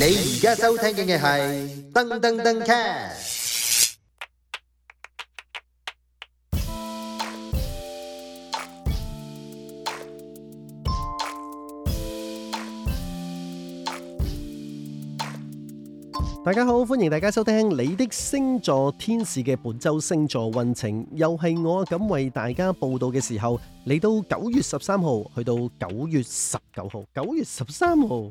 你而家收聽嘅係噔噔噔 cast。大家好，歡迎大家收聽你的星座天使嘅本周星座運程，又係我咁為大家報道嘅時候，嚟到九月十三號，去到九月十九號，九月十三號。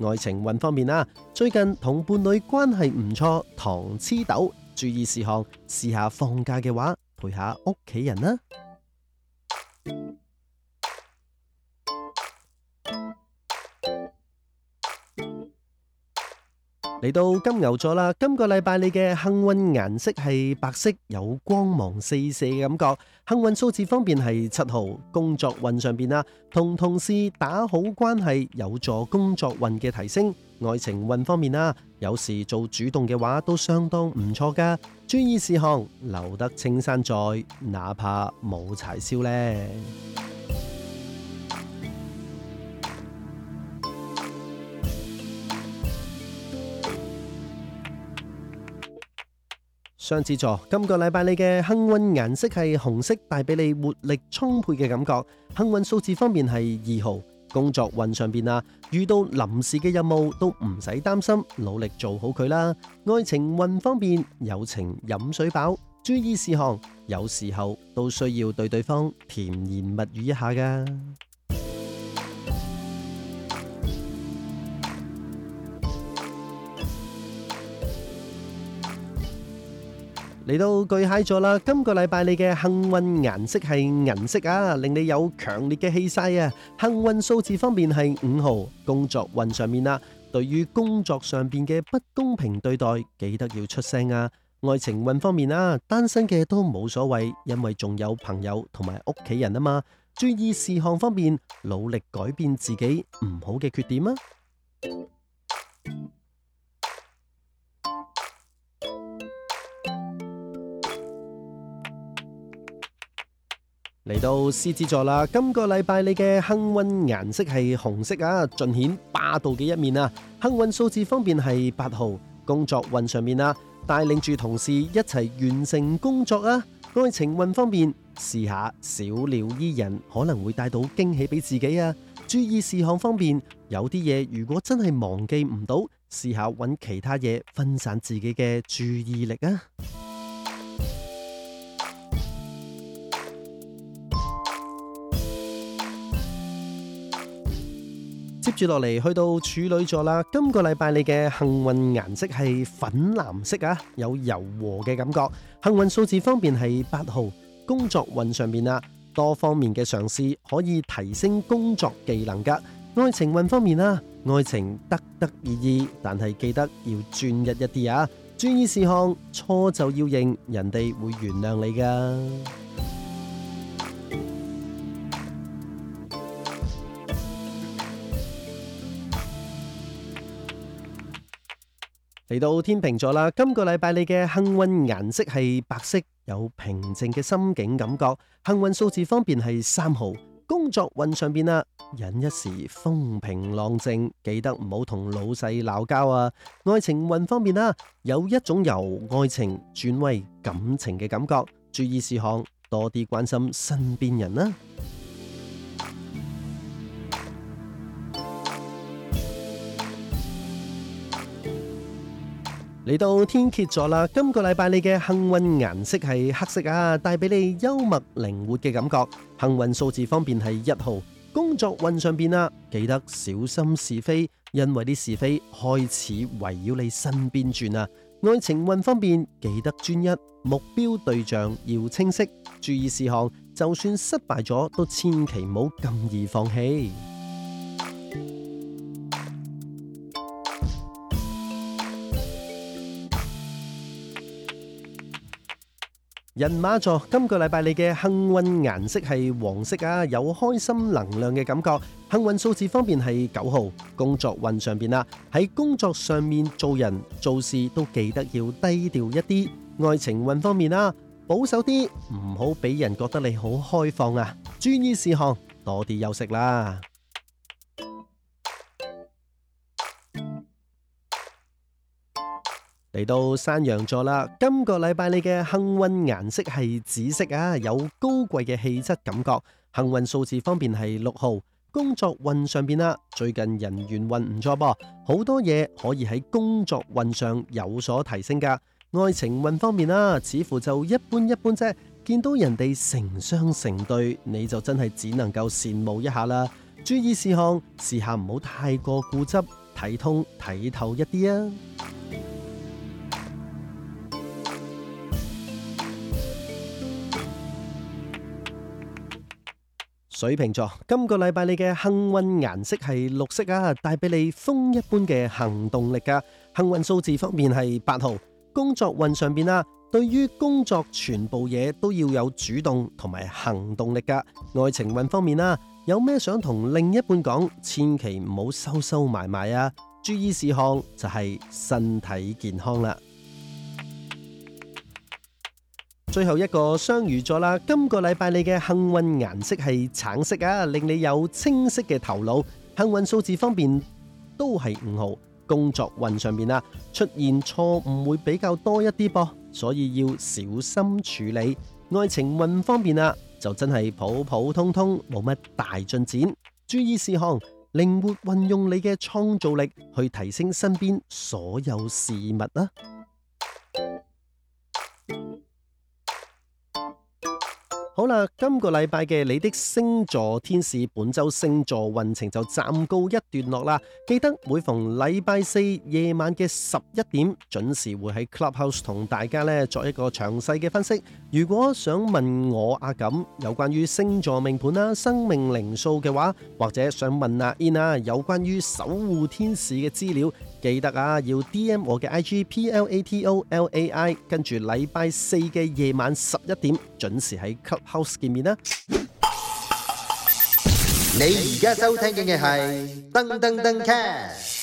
愛情運方面，啊，啦，最近同伴侶關係唔錯，糖黐豆，注意事項，試下放假嘅話陪下屋企人啦。嚟到金牛座啦，今個禮拜你嘅幸運顏色係白色，有光芒四射嘅感覺。幸運數字方面係七號，工作運上邊啦，同同事打好關係有助工作運嘅提升。愛情運方面啦，有時做主動嘅話都相當唔錯噶。注意事項，留得青山在，哪怕冇柴燒呢。雙子座，今個禮拜你嘅幸運顏色係紅色，帶俾你活力充沛嘅感覺。幸運數字方面係二號。工作運上邊啊，遇到臨時嘅任務都唔使擔心，努力做好佢啦。愛情運方面，友情飲水飽。注意事項，有時候都需要對對方甜言蜜語一下㗎。嚟到巨蟹座啦，今個禮拜你嘅幸運顏色係銀色啊，令你有強烈嘅氣勢啊。幸運數字方面係五號，工作運上面啦，啊，對於工作上面嘅不公平對待，記得要出聲啊。愛情運方面啊，單身嘅都冇所謂，因為仲有朋友同埋屋企人啊嘛。注意事項方面，努力改變自己唔好嘅缺點啊。嚟到獅子座啦，今個禮拜你嘅幸運顏色係紅色啊，盡顯霸道嘅一面啊。幸運數字方面係八號，工作運上面啊，帶領住同事一齊完成工作啊。愛情運方面，試下小鳥依人，可能會帶到驚喜俾自己啊。注意事項方面，有啲嘢如果真係忘記唔到，試下揾其他嘢分散自己嘅注意力啊。接住落嚟，去到處女座啦。今個禮拜你嘅幸運顏色係粉藍色啊，有柔和嘅感覺。幸運數字方面係八號。工作運上面啊，多方面嘅嘗試可以提升工作技能噶。愛情運方面啦，愛情得得意意，但係記得要專一一啲啊，注意事項，錯就要認，人哋會原諒你噶。嚟到天秤座啦，今個禮拜你嘅幸運顏色係白色，有平靜嘅心境感覺。幸運數字方面係三號，工作運上邊、啊、啦，忍一時風平浪靜，記得唔好同老細鬧交啊。愛情運方面啦、啊，有一種由愛情轉為感情嘅感覺，注意事項，多啲關心身邊人啦、啊。嚟到天蠍座啦，今個禮拜你嘅幸運顏色係黑色啊，帶俾你幽默靈活嘅感覺。幸運數字方面係一號，工作運上邊啊，記得小心是非，因為啲是非開始圍繞你身邊轉啊。愛情運方面，記得專一，目標對象要清晰，注意事項，就算失敗咗都千祈唔好咁易放棄。人馬座，今個禮拜你嘅幸運顏色係黃色啊，有開心能量嘅感覺。幸運數字方面係九號，工作運上邊啊，喺工作上面做人做事都記得要低調一啲。愛情運方面啦，保守啲，唔好俾人覺得你好開放啊。注意事項，多啲休息啦。嚟到山羊座啦，今個禮拜你嘅幸運顏色係紫色啊，有高貴嘅氣質感覺。幸運數字方面係六號，工作運上邊啦，最近人緣運唔錯噃，好多嘢可以喺工作運上有所提升噶。愛情運方面啦，似乎就一般一般啫，見到人哋成雙成對，你就真係只能夠羨慕一下啦。注意事項，試下唔好太過固執，睇通睇透一啲啊。水瓶座，今個禮拜你嘅幸運顏色係綠色啊，帶俾你風一般嘅行動力噶。幸運數字方面係八號，工作運上面啊，對於工作全部嘢都要有主動同埋行動力噶。愛情運方面啊，有咩想同另一半講，千祈唔好收收埋埋啊。注意事項就係身體健康啦。最後一個雙魚座啦，今個禮拜你嘅幸運顏色係橙色啊，令你有清晰嘅頭腦。幸運數字方面都係五號。工作運上邊啊，出現錯誤會比較多一啲噃，所以要小心處理。愛情運方面啊，就真係普普通通，冇乜大進展。注意事項，靈活運用你嘅創造力去提升身邊所有事物啊！好啦，今個禮拜嘅你的星座天使本周星座運程就暫告一段落啦。記得每逢禮拜四夜晚嘅十一點，準時會喺 Clubhouse 同大家咧作一個詳細嘅分析。如果想問我阿感、啊、有關於星座命盤啦、生命靈數嘅話，或者想問阿 In 啊有關於守護天使嘅資料。記得啊，要 D M 我嘅 I G P L A T O L A I，跟住禮拜四嘅夜晚十一點準時喺 Club House 見面啦。你而家收聽嘅係噔噔噔 c